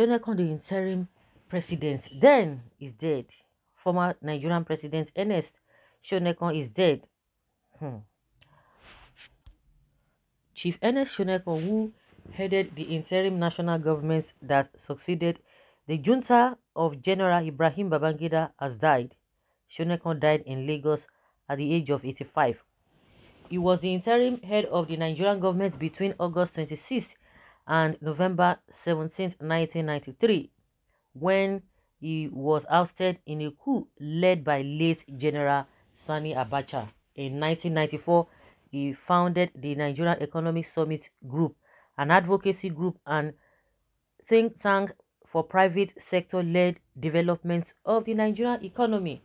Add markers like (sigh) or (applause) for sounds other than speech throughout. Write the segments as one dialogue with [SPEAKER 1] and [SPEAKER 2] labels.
[SPEAKER 1] Seneca, the interim president, then is dead. Former Nigerian President Ernest Shonekon is dead. Hmm. Chief Ernest Shonekon, who headed the interim national government that succeeded the junta of General Ibrahim Babangida, has died. Shonekon died in Lagos at the age of 85. He was the interim head of the Nigerian government between August 26 and November 17, 1993, when he was ousted in a coup led by late General Sani Abacha. In 1994, he founded the Nigerian Economic Summit Group, an advocacy group and think tank for private sector-led development of the Nigerian economy.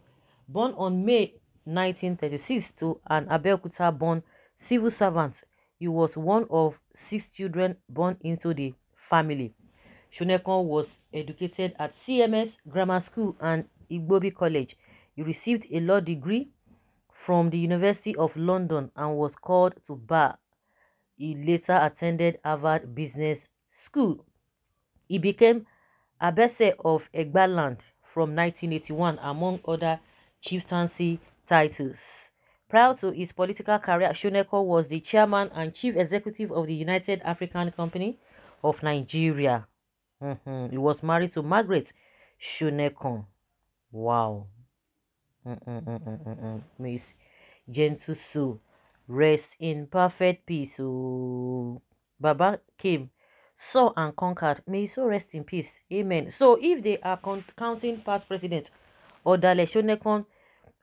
[SPEAKER 1] Born on May 1936 to an Abeokuta-born civil servant, he was one of six children born into the family. Shoneko was educated at CMS Grammar School and Igbobi College. He received a law degree from the University of London and was called to bar. He later attended Harvard Business School. He became Abese of Egbaland from 1981, among other chieftaincy titles. Prior to his political career, Shoneko was the chairman and chief executive of the United African Company of Nigeria. Mm -hmm. He was married to Margaret Shoneko. Wow. Miss Gentle Sue. Rest in perfect peace. Oh. Baba came, saw and conquered. May so rest in peace. Amen. So if they are counting past presidents, or Dale Shoneko,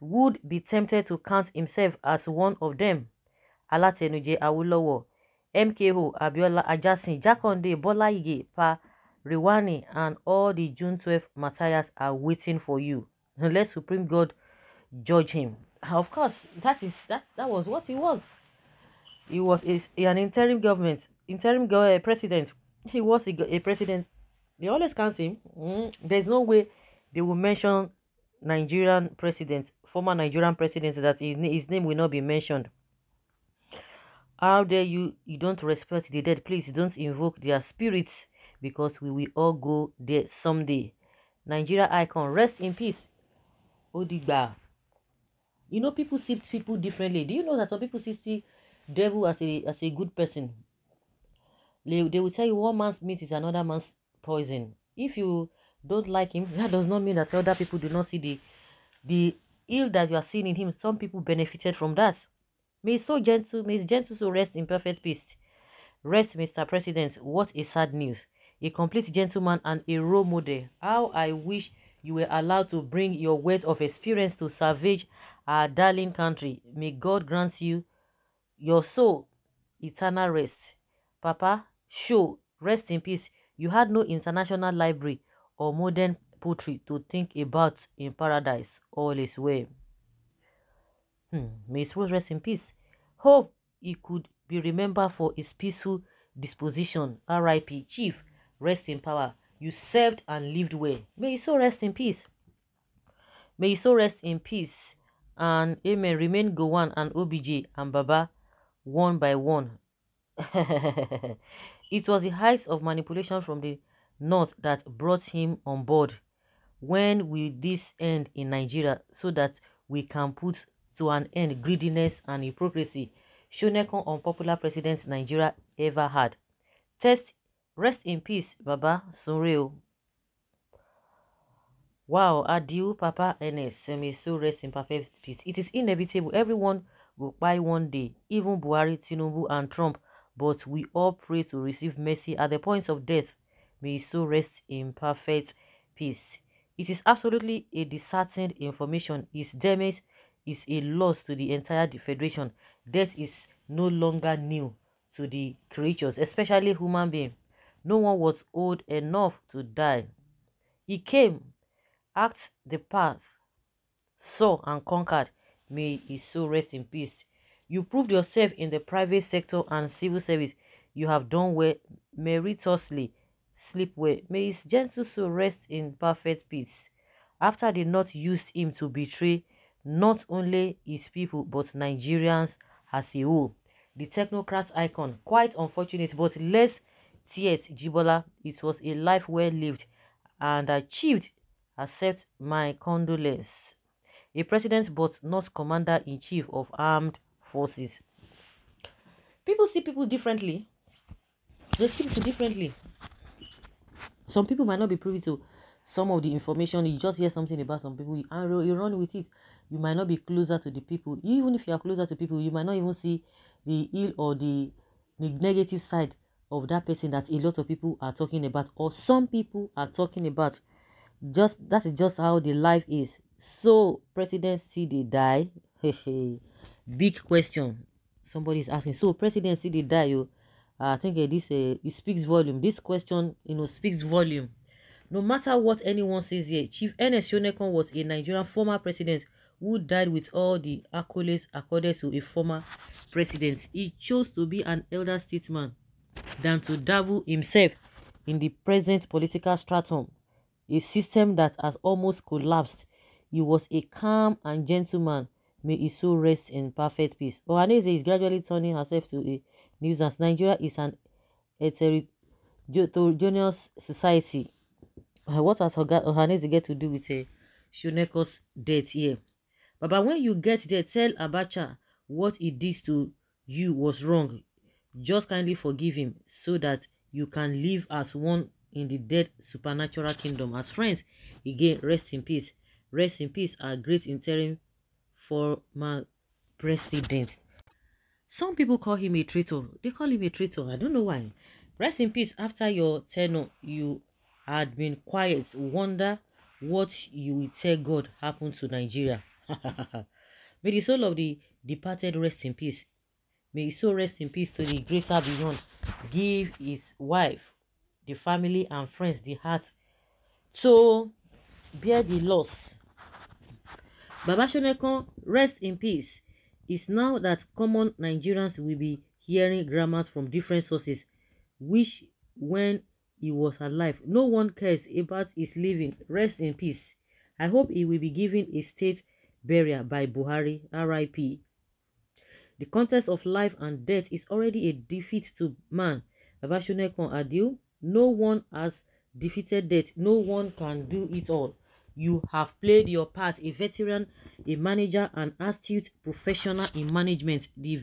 [SPEAKER 1] would be tempted to count himself as one of them. Alatenuje Awolowo, MKO, Abiola Ajasin, Jakonde, Bola Pa, Rewani, and all the June 12 martyrs are waiting for you. (laughs) Let Supreme God judge him. Of course, that is that that was what he was. He was a, an interim government, interim go- eh, president. He was a, a president. They always count him. Mm, there's no way they will mention Nigerian president former Nigerian president that his, his name will not be mentioned. How dare you, you don't respect the dead. Please don't invoke their spirits because we will all go there someday. Nigeria icon, rest in peace. Odigba. You know, people see people differently. Do you know that some people see, see devil as a, as a good person? They, they will tell you one man's meat is another man's poison. If you don't like him, (laughs) that does not mean that other people do not see the the ill that you are seeing in him, some people benefited from that. May so gentle, may his gentle soul rest in perfect peace. Rest, Mr. President. What a sad news. A complete gentleman and a role model. How I wish you were allowed to bring your wealth of experience to salvage our darling country. May God grant you your soul eternal rest. Papa, show, rest in peace. You had no international library or modern poultry to think about in paradise all his way. Hmm. May his soul rest in peace. Hope he could be remembered for his peaceful disposition. R.I.P. Chief, rest in power. You served and lived well. May his soul rest in peace. May his soul rest in peace. And amen. Remain Gowan and OBJ and Baba one by one. (laughs) it was the height of manipulation from the north that brought him on board when will this end in Nigeria so that we can put to an end greediness and hypocrisy? Shonekon unpopular president Nigeria ever had. Test, rest in peace, Baba Sunreo. Wow, adieu, Papa Ernest. May so rest in perfect peace. It is inevitable. Everyone will buy one day, even Buhari, Tinubu, and Trump. But we all pray to receive mercy at the point of death. May so rest in perfect peace. It is absolutely a disheartening information. Its damage is a loss to the entire federation. Death is no longer new to the creatures, especially human beings. No one was old enough to die. He came, hacked the path, saw and conquered. May his soul rest in peace. You proved yourself in the private sector and civil service. You have done well, meritoriously sleep well. May his gentle soul rest in perfect peace after the not used him to betray not only his people but Nigerians as a whole. The technocrat icon, quite unfortunate, but less tears Jibola. It was a life well lived and achieved. Accept my condolence. A president but not commander-in-chief of armed forces. People see people differently. They see people differently. some people might not be privy to some of the information. You just hear something about some people you and you run with it. You might not be closer to the people. Even if you are closer to people, you might not even see the ill or the, the negative side of that person that a lot of people are talking about or some people are talking about. Just that is just how the life is. So presidency they die. (laughs) Big question. Somebody is asking. So presidency they die. You. Oh. I think uh, this uh, it speaks volume. This question, you know, speaks volume. No matter what anyone says here, Chief Ernest Yonekon was a Nigerian former president who died with all the accolades accorded to a former president. He chose to be an elder statesman than to dabble himself in the present political stratum, a system that has almost collapsed. He was a calm and gentle man. May his soul rest in perfect peace. Ohaneze is gradually turning herself to a nuisance. Nigeria is an heterogeneous society. Uh, what has Ohaneze get to do with a uh, Shoneko's death here? Baba, when you get there, tell Abacha what he did to you was wrong. Just kindly forgive him so that you can live as one in the dead supernatural kingdom. As friends, again, rest in peace. Rest in peace, our great interim former president. Some people call him a traitor. They call him a traitor. I don't know why. Rest in peace. After your tenure, you had been quiet. Wonder what you will tell God happened to Nigeria. (laughs) May the soul of the departed rest in peace. May his soul rest in peace to the greater beyond. Give his wife, the family, and friends the heart to bear the loss Baba rest in peace. It's now that common Nigerians will be hearing grammars from different sources, which when he was alive, no one cares about his living. Rest in peace. I hope he will be given a state burial by Buhari, RIP. The contest of life and death is already a defeat to man. Baba Shonekan no one has defeated death. No one can do it all. you have played your part a veteran a manager an astute professional in management the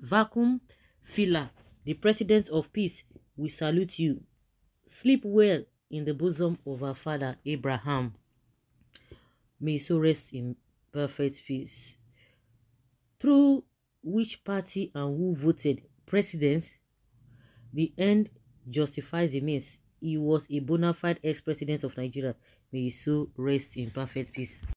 [SPEAKER 1] vacuum filler the president of peace we salute you sleep well in the bosom of our father abraham may so rest in perfect peace through which party and who voted president the end justifies the means he was a bona fide ex-president of nigeria May his rest in perfect peace.